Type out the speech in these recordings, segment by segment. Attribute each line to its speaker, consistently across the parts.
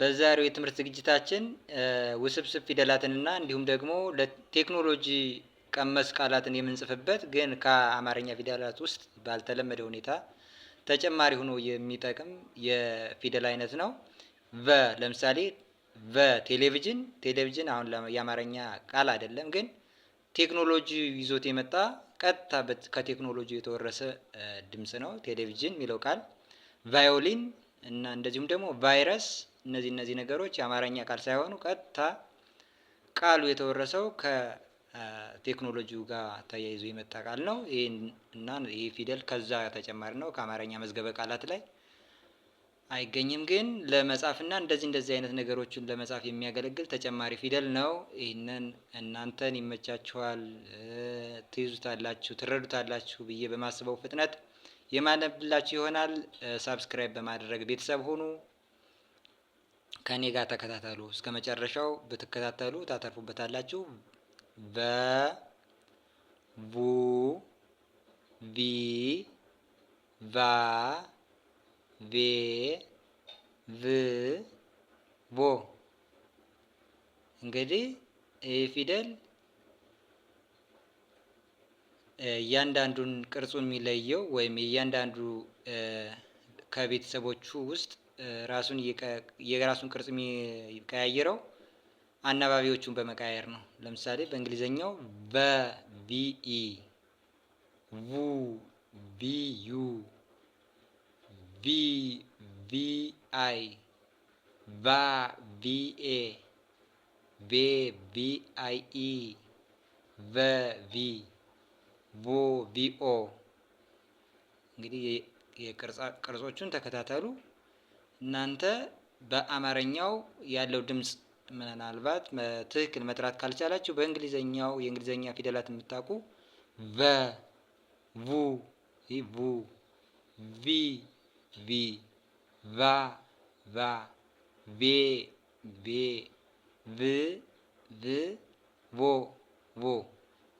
Speaker 1: በዛሬው የትምህርት ዝግጅታችን ውስብስብ ፊደላትንና እንዲሁም ደግሞ ለቴክኖሎጂ ቀመስ ቃላትን የምንጽፍበት ግን ከአማርኛ ፊደላት ውስጥ ባልተለመደ ሁኔታ ተጨማሪ ሆኖ የሚጠቅም የፊደል አይነት ነው። ቨ ለምሳሌ ቨ ቴሌቪዥን። ቴሌቪዥን አሁን የአማርኛ ቃል አይደለም፣ ግን ቴክኖሎጂ ይዞት የመጣ ቀጥታ ከቴክኖሎጂ የተወረሰ ድምፅ ነው ቴሌቪዥን የሚለው ቃል። ቫዮሊን እና እንደዚሁም ደግሞ ቫይረስ እነዚህ እነዚህ ነገሮች የአማርኛ ቃል ሳይሆኑ ቀጥታ ቃሉ የተወረሰው ከቴክኖሎጂው ጋር ተያይዞ የመጣ ቃል ነው። እና ይህ ፊደል ከዛ ተጨማሪ ነው። ከአማርኛ መዝገበ ቃላት ላይ አይገኝም፣ ግን ለመጻፍና እንደዚህ እንደዚህ አይነት ነገሮችን ለመጻፍ የሚያገለግል ተጨማሪ ፊደል ነው። ይህንን እናንተን ይመቻችኋል፣ ትይዙታላችሁ፣ ትረዱታላችሁ ብዬ በማስበው ፍጥነት የማነብላችሁ ይሆናል። ሳብስክራይብ በማድረግ ቤተሰብ ሁኑ። ከኔ ጋር ተከታተሉ እስከ መጨረሻው ብትከታተሉ ታተርፉበታላችሁ። በ ቡ ቪ ቫ ቬ ቭ ቦ እንግዲህ ይህ ፊደል እያንዳንዱን ቅርጹ የሚለየው ወይም እያንዳንዱ ከቤተሰቦቹ ውስጥ ራሱን የራሱን ቅርጽ የሚቀያየረው አናባቢዎቹን በመቀያየር ነው። ለምሳሌ በእንግሊዘኛው በቪኢ ቡ ቪዩ ቪ ቪአይ ቫ ቪኤ ቤ ቪአይኢ ቨ ቪ ቦ ቪኦ እንግዲህ የቅርጾቹን ተከታተሉ። እናንተ በአማርኛው ያለው ድምፅ ምናልባት ትክክል መጥራት ካልቻላችሁ በእንግሊዘኛው የእንግሊዘኛ ፊደላት የምታውቁ ቨ ቡ ቡ ቪ ቪ ቫ ቫ ቬ ቬ ቭ ቭ ቮ ቮ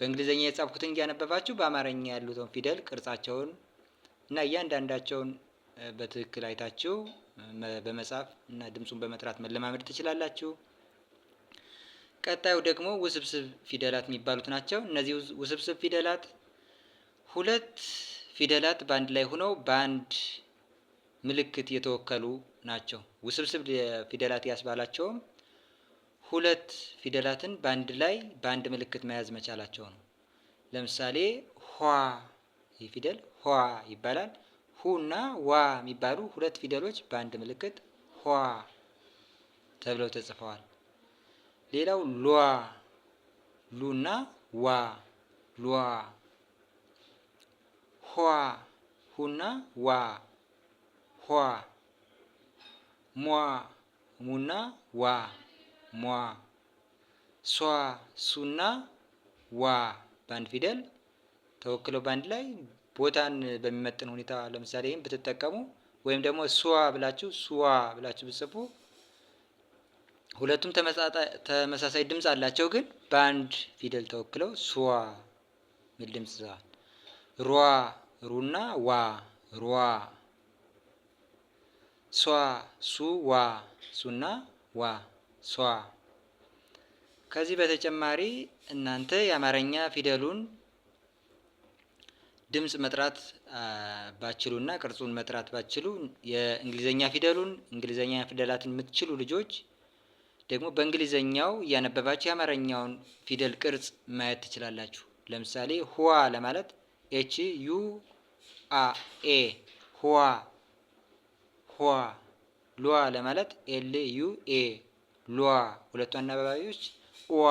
Speaker 1: በእንግሊዘኛ የጻፍኩትን እያነበባችሁ በአማርኛ ያሉትን ፊደል ቅርጻቸውን እና እያንዳንዳቸውን በትክክል አይታችሁ በመጻፍ እና ድምፁን በመጥራት መለማመድ ትችላላችሁ። ቀጣዩ ደግሞ ውስብስብ ፊደላት የሚባሉት ናቸው። እነዚህ ውስብስብ ፊደላት ሁለት ፊደላት በአንድ ላይ ሆነው በአንድ ምልክት የተወከሉ ናቸው። ውስብስብ ፊደላት ያስባላቸውም ሁለት ፊደላትን በአንድ ላይ በአንድ ምልክት መያዝ መቻላቸው ነው። ለምሳሌ ኋ ይህ ፊደል ኋ ይባላል። ሁ እና ዋ የሚባሉ ሁለት ፊደሎች በአንድ ምልክት ኋ ተብለው ተጽፈዋል። ሌላው ሏ ሉና ዋ ሏ ኋ ሁና ዋ ኋ ሟ ሙና ዋ ሟ ሷ ሱና ዋ በአንድ ፊደል ተወክለው በአንድ ላይ ቦታን በሚመጥን ሁኔታ ለምሳሌ ይህም ብትጠቀሙ ወይም ደግሞ ሱዋ ብላችሁ ሱዋ ብላችሁ ብጽፉ ሁለቱም ተመሳሳይ ድምፅ አላቸው፣ ግን በአንድ ፊደል ተወክለው ሱዋ የሚል ድምፅ ይዘዋል። ሯ ሩና ዋ ሯ ሷ ሱ ዋ ሱና ዋ ሷ ከዚህ በተጨማሪ እናንተ የአማርኛ ፊደሉን ድምፅ መጥራት ባችሉና ቅርጹን መጥራት ባችሉ የእንግሊዘኛ ፊደሉን እንግሊዘኛ ፊደላትን የምትችሉ ልጆች ደግሞ በእንግሊዘኛው እያነበባችሁ የአማርኛውን ፊደል ቅርጽ ማየት ትችላላችሁ። ለምሳሌ ሁዋ ለማለት ኤች ዩ አ ኤ ሁዋ ሁዋ፣ ሉዋ ለማለት ኤል ዩ ኤ ሉዋ። ሁለቱ አናባቢዎች ዋ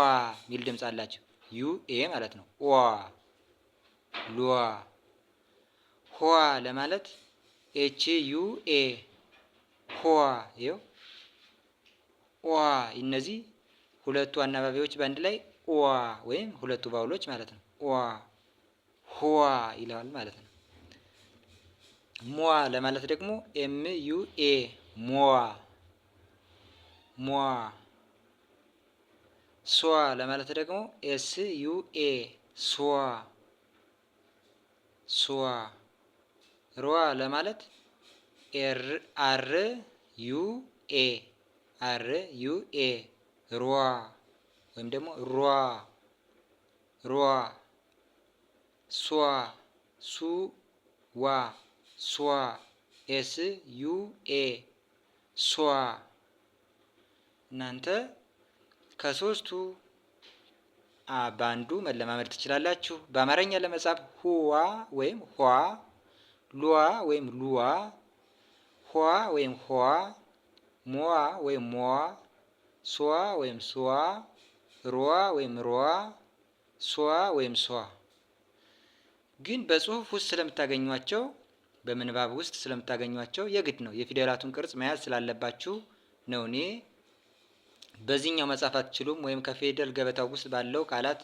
Speaker 1: የሚል ድምፅ አላቸው። ዩ ኤ ማለት ነው። ዋ ሉዋ ሆዋ ለማለት ኤች ዩ ኤ ሆዋ ይው ዋ እነዚህ ሁለቱ አናባቢዎች በአንድ ላይ ዋ ወይም ሁለቱ ባውሎች ማለት ነው። ዋ ሆዋ ይለዋል ማለት ነው። ሟ ለማለት ደግሞ ኤም ዩ ኤ ሟ ሟ ሷ ለማለት ደግሞ ኤስ ዩ ኤ ሷ ሷ ሮዋ ለማለት ኤር አር ዩ ኤ አር ዩ ኤ ሮዋ ወይም ደግሞ ሮዋ ሮዋ ሷ ሱ ዋ ሷ ኤስ ዩ ኤ ሷ እናንተ ከሶስቱ በአንዱ መለማመድ ትችላላችሁ። በአማርኛ ለመጻፍ ሁዋ ወይም ኋ ሉዋ ወይም ሉዋ፣ ሆዋ ወይም ሆዋ፣ ሞዋ ወይም ሞዋ፣ ሶዋ ወይም ሶዋ፣ ሮዋ ወይም ሮዋ፣ ሶዋ ወይም ሶዋ። ግን በጽሁፍ ውስጥ ስለምታገኟቸው በምንባብ ውስጥ ስለምታገኟቸው የግድ ነው የፊደላቱን ቅርጽ መያዝ ስላለባችሁ ነው። እኔ በዚህኛው መጻፍ አትችሉም፣ ወይም ከፊደል ገበታው ውስጥ ባለው ቃላት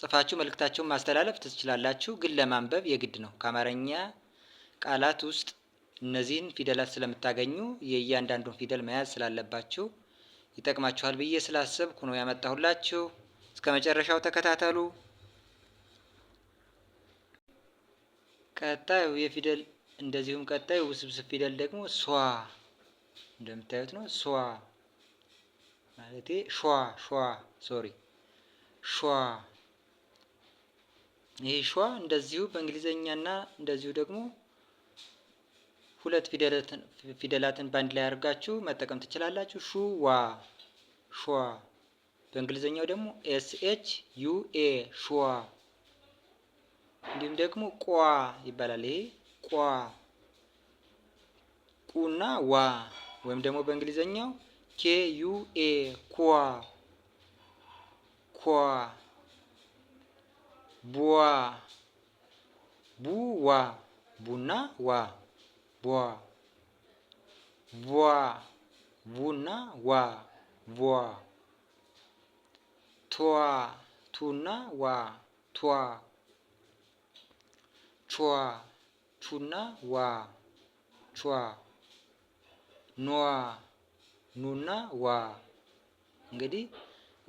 Speaker 1: ጽፋችሁ መልእክታቸውን ማስተላለፍ ትችላላችሁ። ግን ለማንበብ የግድ ነው ከአማርኛ ቃላት ውስጥ እነዚህን ፊደላት ስለምታገኙ የእያንዳንዱን ፊደል መያዝ ስላለባችሁ ይጠቅማችኋል ብዬ ስላሰብኩ ነው ያመጣሁላችሁ። እስከ መጨረሻው ተከታተሉ። ቀጣዩ የፊደል እንደዚሁም ቀጣዩ ውስብስብ ፊደል ደግሞ ሷ እንደምታዩት ነው። ሷ ማለቴ ሿ ሿ ሶሪ ሿ። ይህ ሿ እንደዚሁ በእንግሊዘኛና እንደዚሁ ደግሞ ሁለት ፊደላትን በአንድ ላይ አድርጋችሁ መጠቀም ትችላላችሁ። ሹዋ ሹዋ። በእንግሊዝኛው ደግሞ ኤስ ኤች ዩ ኤ ሹዋ። እንዲሁም ደግሞ ቋ ይባላል። ይሄ ቋ ቁና ዋ ወይም ደግሞ በእንግሊዝኛው ኬ ዩ ኤ ኳ ኳ ቡዋ ቡዋ ቡና ዋ ቧ ቧ ቡና ዋ ቧ ቷ ቱና ዋ ቷ ቿ ቹና ዋ ቿ ኗ ኑና ዋ እንግዲህ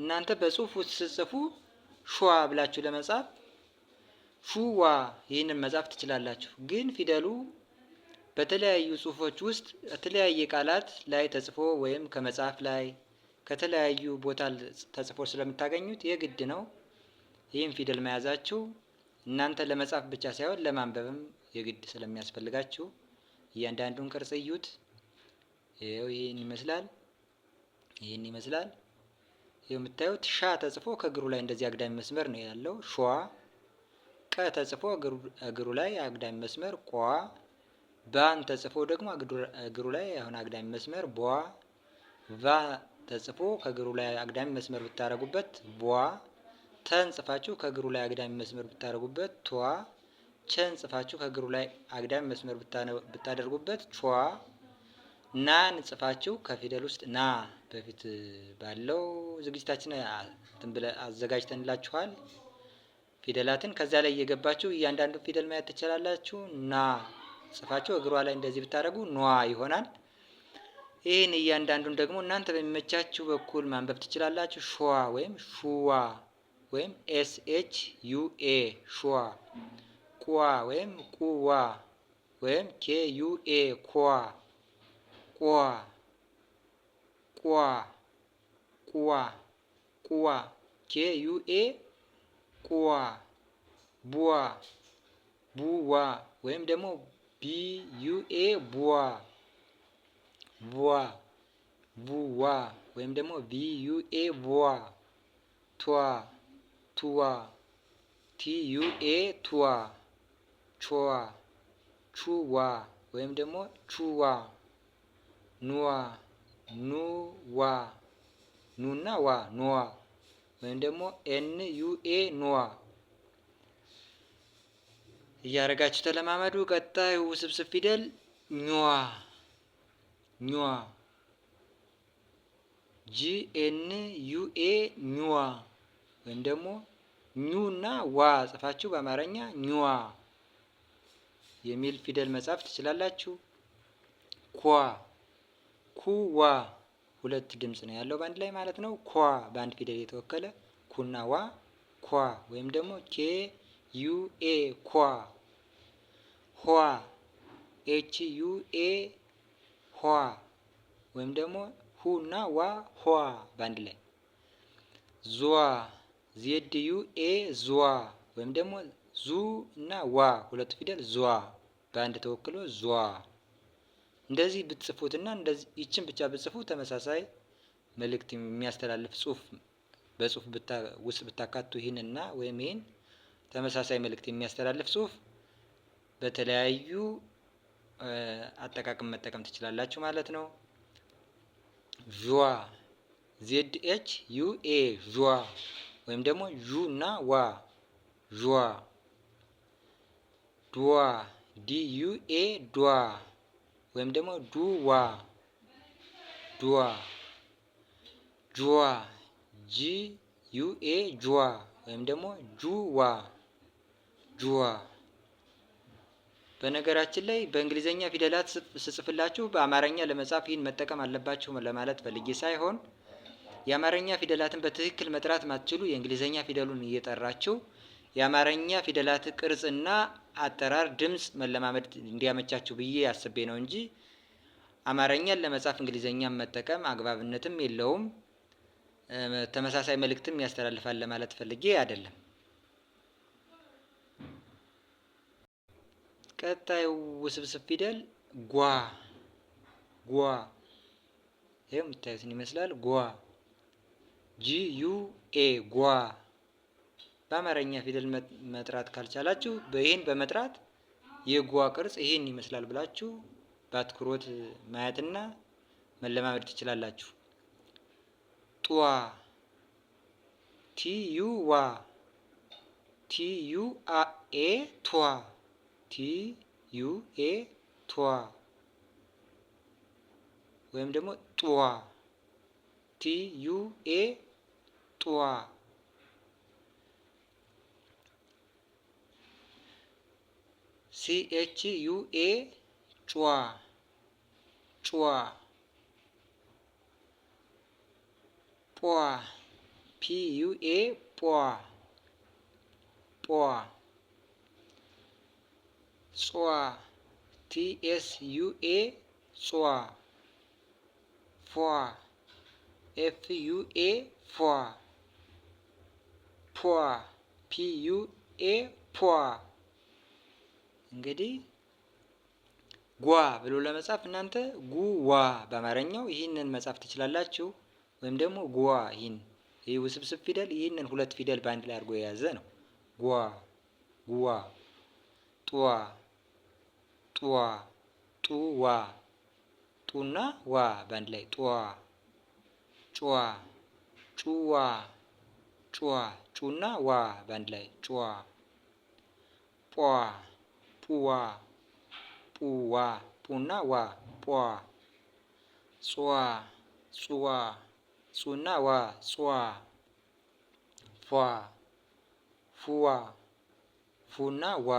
Speaker 1: እናንተ በጽሁፍ ውስጥ ስትጽፉ ሹዋ ብላችሁ ለመጻፍ ሹዋ ይህንን መጻፍ ትችላላችሁ። ግን ፊደሉ በተለያዩ ጽሁፎች ውስጥ የተለያየ ቃላት ላይ ተጽፎ ወይም ከመጽሐፍ ላይ ከተለያዩ ቦታ ተጽፎ ስለምታገኙት የግድ ነው ይህም ፊደል መያዛችሁ እናንተ ለመጻፍ ብቻ ሳይሆን ለማንበብም የግድ ስለሚያስፈልጋችሁ እያንዳንዱን ቅርጽ እዩት። ይኸው ይህን ይመስላል። ይህን ይመስላል። ይኸው የምታዩት ሻ ተጽፎ ከእግሩ ላይ እንደዚህ አግዳሚ መስመር ነው ያለው። ሸዋ ቀ ተጽፎ እግሩ ላይ አግዳሚ መስመር ቋ ባን ተጽፎ ደግሞ እግሩ ላይ አሁን አግዳሚ መስመር ቧ ቫ ተጽፎ ከእግሩ ላይ አግዳሚ መስመር ብታረጉበት ቧ ተን ጽፋችሁ ከእግሩ ላይ አግዳሚ መስመር ብታደርጉበት ቷ ቸን ጽፋችሁ ከእግሩ ላይ አግዳሚ መስመር ብታደርጉበት ቿ ናን ጽፋችሁ ከፊደል ውስጥ ና በፊት ባለው ዝግጅታችን ትንብለ አዘጋጅተንላችኋል። ፊደላትን ከዚያ ላይ እየገባችሁ እያንዳንዱ ፊደል ማየት ትችላላችሁ። ና ጽፋችሁ እግሯ ላይ እንደዚህ ብታደርጉ ኗ ይሆናል። ይህን እያንዳንዱን ደግሞ እናንተ በሚመቻችሁ በኩል ማንበብ ትችላላችሁ። ሹዋ ወይም ሹዋ ወይም ኤስ ኤች ዩ ኤ ሹዋ፣ ቁዋ ወይም ቁዋ ወይም ኬ ዩ ኤ ኳ፣ ቋ፣ ቋ፣ ቁዋ፣ ቁዋ ኬ ዩ ኤ ቁዋ፣ ቡዋ፣ ቡዋ ወይም ደግሞ ቢዩኤ ቡዋ ቡዋ ቡዋ ወይም ደግሞ ቢዩኤ ቡዋ ቱዋ ቱዋ ቲዩኤ ቱዋ ቹዋ ቹዋ ወይም ደግሞ ቹዋ ኑዋ ኑዋ ኑና ዋ ኑዋ ወይም ደግሞ ኤንዩኤ ኑዋ እያደረጋችሁ ተለማመዱ። ቀጣዩ ውስብስብ ፊደል ኟ ኟ ጂ ኤን ዩ ኤ ኟ ወይም ደግሞ ኙ እና ዋ ጽፋችሁ በአማርኛ ኟ የሚል ፊደል መጻፍ ትችላላችሁ። ኳ ኩዋ ሁለት ድምጽ ነው ያለው በአንድ ላይ ማለት ነው። ኳ በአንድ ፊደል የተወከለ ኩና ዋ ኳ ወይም ደግሞ ኬ ዩ ኤ ኳ ሆዋ ኤች ዩ ኤ ሆዋ ወይም ደግሞ ሁ እና ዋ ሆዋ በአንድ ላይ ዙዋ ዜድ ዩ ኤ ዙዋ ወይም ደግሞ ዙ እና ዋ ሁለቱ ፊደል ዙዋ በአንድ ተወክሎ ዙዋ። እንደዚህ ብትጽፉትና እንደዚህ ይችን ብቻ ብትጽፉ ተመሳሳይ መልእክት የሚያስተላልፍ ጽሁፍ በጽሁፍ ውስጥ ብታካቱ ይህንና ወይም ይህን ተመሳሳይ መልእክት የሚያስተላልፍ ጽሁፍ በተለያዩ አጠቃቀም መጠቀም ትችላላችሁ ማለት ነው። ዥዋ ዜድ ኤች ዩ ኤ ዥዋ ወይም ደግሞ ዩ እና ዋ ዥዋ ዱዋ ዲ ዩ ኤ ዱዋ ወይም ደግሞ ዱዋ ዱዋ ጁዋ ጂ ዩ ኤ ጁዋ ወይም ደግሞ ጁዋ ጁዋ በነገራችን ላይ በእንግሊዘኛ ፊደላት ስጽፍላችሁ በአማርኛ ለመጻፍ ይህን መጠቀም አለባችሁ ለማለት ፈልጌ ሳይሆን የአማርኛ ፊደላትን በትክክል መጥራት ማትችሉ የእንግሊዘኛ ፊደሉን እየጠራችሁ የአማርኛ ፊደላት ቅርጽና አጠራር ድምፅ መለማመድ እንዲያመቻችሁ ብዬ አስቤ ነው እንጂ አማርኛን ለመጻፍ እንግሊዘኛ መጠቀም አግባብነትም የለውም። ተመሳሳይ መልእክትም ያስተላልፋል ለማለት ፈልጌ አይደለም። ቀጣዩ ውስብስብ ፊደል ጓ ጓ ይህ የምታዩትን ይመስላል። ጓ ጂ ዩ ኤ ጓ። በአማርኛ ፊደል መጥራት ካልቻላችሁ ይህን በመጥራት የጓ ቅርጽ ይህን ይመስላል ብላችሁ በአትኩሮት ማየትና መለማመድ ትችላላችሁ። ጧ ቲ ዩ ዋ ቲ ዩ ኤ ቷ ቲ ዩ ኤ ቷ ወይም ደግሞ ጧ ቲ ዩ ኤ ጧ ሲ ኤች ዩ ኤ ጯ ጯ ጳ ፒ ዩ ኤ ጳ ጳ ጿ ቲኤስዩኤ ዩኤ ጿ ፏ ኤፍ ዩኤ ፏ ፖ ፒ ፖ እንግዲህ ጓ ብሎ ለመጻፍ እናንተ ጉዋ በአማርኛው ይህንን መጻፍ ትችላላችሁ። ወይም ደግሞ ጓ ይህን ይህ ውስብስብ ፊደል ይህንን ሁለት ፊደል በአንድ ላይ አድርጎ የያዘ ነው። ጓ ጉዋ ጥዋ ጡዋ ጡዋ ጡና ዋ በአንድ ላይ ጡዋ ጩዋ ጩዋ ጩዋ ጩና ዋ በአንድ ላይ ጩዋ ጳ ፑዋ ፑዋ ፑና ዋ ጳ ጹዋ ጹዋ ጹና ዋ ጹዋ ፏ ፉዋ ፉና ዋ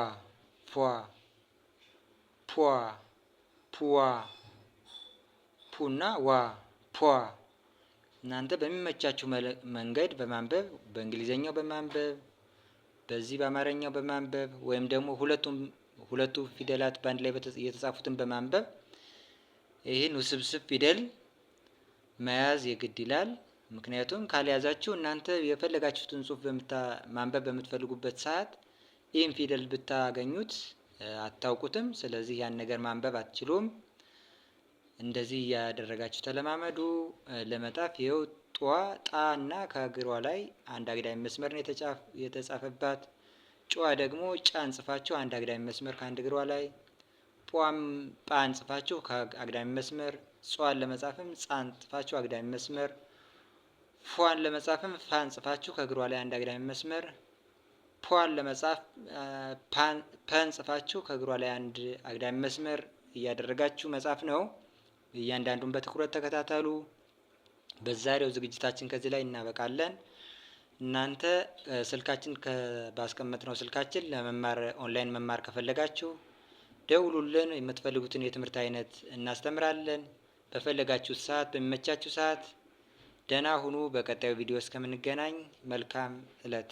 Speaker 1: ፏ ፖ ፑዋ ፑና ዋ ፖ እናንተ በሚመቻችሁ መንገድ በማንበብ በእንግሊዘኛው በማንበብ በዚህ በአማርኛው በማንበብ ወይም ደግሞ ሁለቱም ሁለቱ ፊደላት በአንድ ላይ የተጻፉትን በማንበብ ይህን ውስብስብ ፊደል መያዝ የግድ ይላል። ምክንያቱም ካልያዛችሁ እናንተ የፈለጋችሁትን ጽሑፍ ማንበብ በምትፈልጉበት ሰዓት ይህን ፊደል ብታገኙት አታውቁትም፣ ስለዚህ ያን ነገር ማንበብ አትችሉም። እንደዚህ እያደረጋችሁ ተለማመዱ። ለመጣፍ ይኸው ጧ ጣ እና ከእግሯ ላይ አንድ አግዳሚ መስመር ነው የተጻፈባት። ጨዋ ደግሞ ጫ እንጽፋችሁ አንድ አግዳሚ መስመር ከአንድ እግሯ ላይ ጳም ጳ እንጽፋችሁ ከአግዳሚ መስመር ጿን ለመጻፍም ጻ እንጽፋችሁ አግዳሚ መስመር ፏን ለመጻፍም ፋ እንጽፋችሁ ከእግሯ ላይ አንድ አግዳሚ መስመር ፖን ለመጻፍ ፐን ጽፋችሁ ከእግሯ ላይ አንድ አግዳሚ መስመር እያደረጋችሁ መጻፍ ነው። እያንዳንዱን በትኩረት ተከታተሉ። በዛሬው ዝግጅታችን ከዚህ ላይ እናበቃለን። እናንተ ስልካችን ባስቀመጥነው ስልካችን ለመማር ኦንላይን መማር ከፈለጋችሁ ደውሉልን። የምትፈልጉትን የትምህርት አይነት እናስተምራለን። በፈለጋችሁት ሰዓት፣ በሚመቻችሁ ሰዓት ደህና ሁኑ። በቀጣዩ ቪዲዮ እስከምንገናኝ መልካም እለት